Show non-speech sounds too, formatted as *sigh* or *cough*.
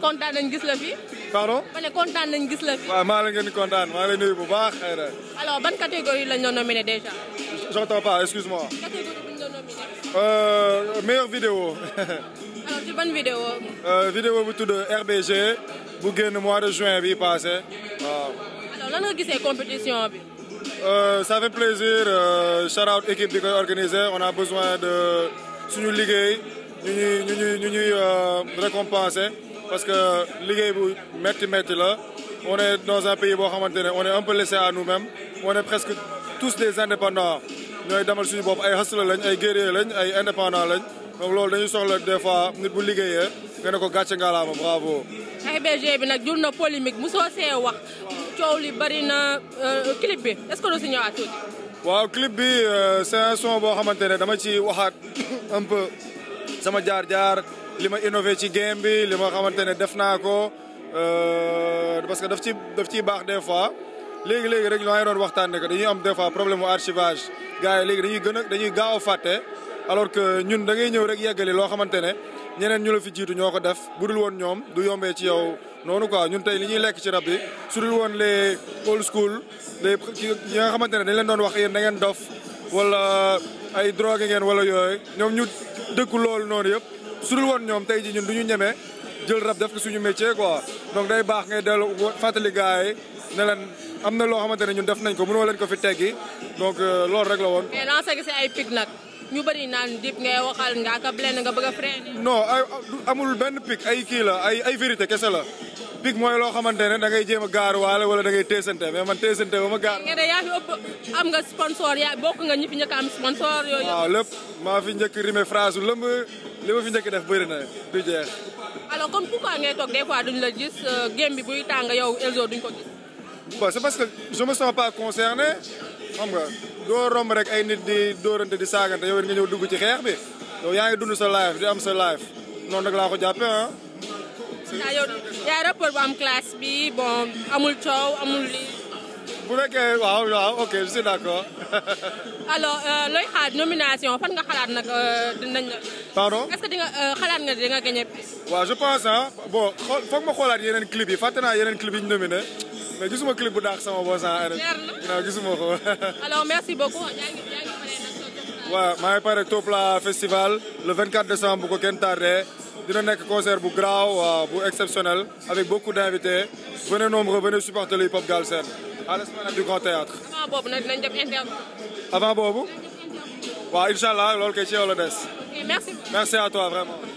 kontaan nañ gis la fi. gis la ngeen di kontaan maa bu baax Aïda. alors ban catégorie lañ la nominé déjà. j'entends bu ñu euh, *laughs* euh, vidéo. bu tudd RBG bu génn mois de juin bi passé waaw. alors nga gisee compétition bi. Euh, fait plaisir euh, shout out équipe bi koy organiser on a besoin de suñu liggéey ñu ñuy ñu ñuy ñu parce que liggéey bu métti métti la on est dans un pays boo xamante ne on est un peu laissé à nous-mêmes on est presque tous des indépendants ñooy demal suñu bopp ay hustlers lañ ay guerriers lañ ay indépendants lañ donc loolu dañuy soxla des fois nit bu liggéeyee nga ko gàcce ngalaama bravo. AIBG bi nag jur na polémique mu soo wax coow li bari na euh, clip bi est-ce que doo si ñëwaat tuuti. waaw clip bi euh, c'est un son boo xamante ne dama ci waxaat un peu sama jaar-jaar. li ma innové ci game bi li ma xamante ne def naa ko euh, parce que daf ci daf ciy baax des fois léegi léegi rek maa ngi doon waxtaan ne que dañuy am des fois problème mu archivage gars léegi dañuy gën dañuy gaaw fàtte alors que ñun dangay ñëw rek yeggali loo xamante ne ñeneen ñu la fi jiitu ñoo ko def bu dul woon ñoom du yombee ci yow noonu quoi ñun tey li ñuy lekk ci rab bi su dul woon les old school les yi nga xamante ne dañ leen doon wax yéen da ngeen dof wala ay drogue ngeen wala yooyu ñoom ñu dëkku loolu noonu yëpp. su dul woon ñoom tey ji ñun du ñu ñemee jël rab def ko suñu métier quoi donc day baax ngay dellu fàttali gars yi ne leen am na loo xamante ne ñun def nañ ko mënoo leen ko fi teggi donc euh, lool rek la woon. mais lancé nga si ay pic nag ñu bëri naan dip ngay waxal nga ka blend nga bëgg a freiner. amul benn pic ay kii la ay ay vérité kese la pic mooy loo xamante ne da ngay jéem a gaaruwaale wala da ngay man teesante ba gaar. nga ne yaa fi ëpp am nga sponsor yaa bokk nga ñi fi njëkk am sponsor yooyu. waaw lépp maa li ma fi njëkk def bëri na du jeex. alors kon pourquoi ngay toog des fois duñ la gis euh, game bi buy tàng yow Elzo duñ ko gis. bon c'est parce que je me sens pas concerné xam nga doo romb rek ay nit di dóorante di saagante yow it nga ñëw dugg ci xeex bi yow yaa ngi dund sa live di am sa live noonu nag laa ko a ah. am classe bi bon amul coow amul lii. bu nekkee waaw waaw ok je suis d'accord. *laughs* alors euh, looy xaar nomination fan nga xalaat nag euh, di nga euh, xalaat nga di je pense ah bon xool ma xoolaat yeneen clip yi fàtte naa yeneen clip yi ñu nominé mais gisuma clip bu daax sama bopp sans arrêt. leer gisuma ko. *laughs* merci beaucoup. waaw maa ngi pare la festival le 24 décembre bu ko kenn tardé dina nekk concert bu graaw bu exceptionnel avec beaucoup d'invités venez nombreux venez supporter le hip-hop Galsen à a du grand théâtre avant boobu nag dinañ avant boobu waaw incha allah loolu kay ci yow la des. merci merci toi vraiment.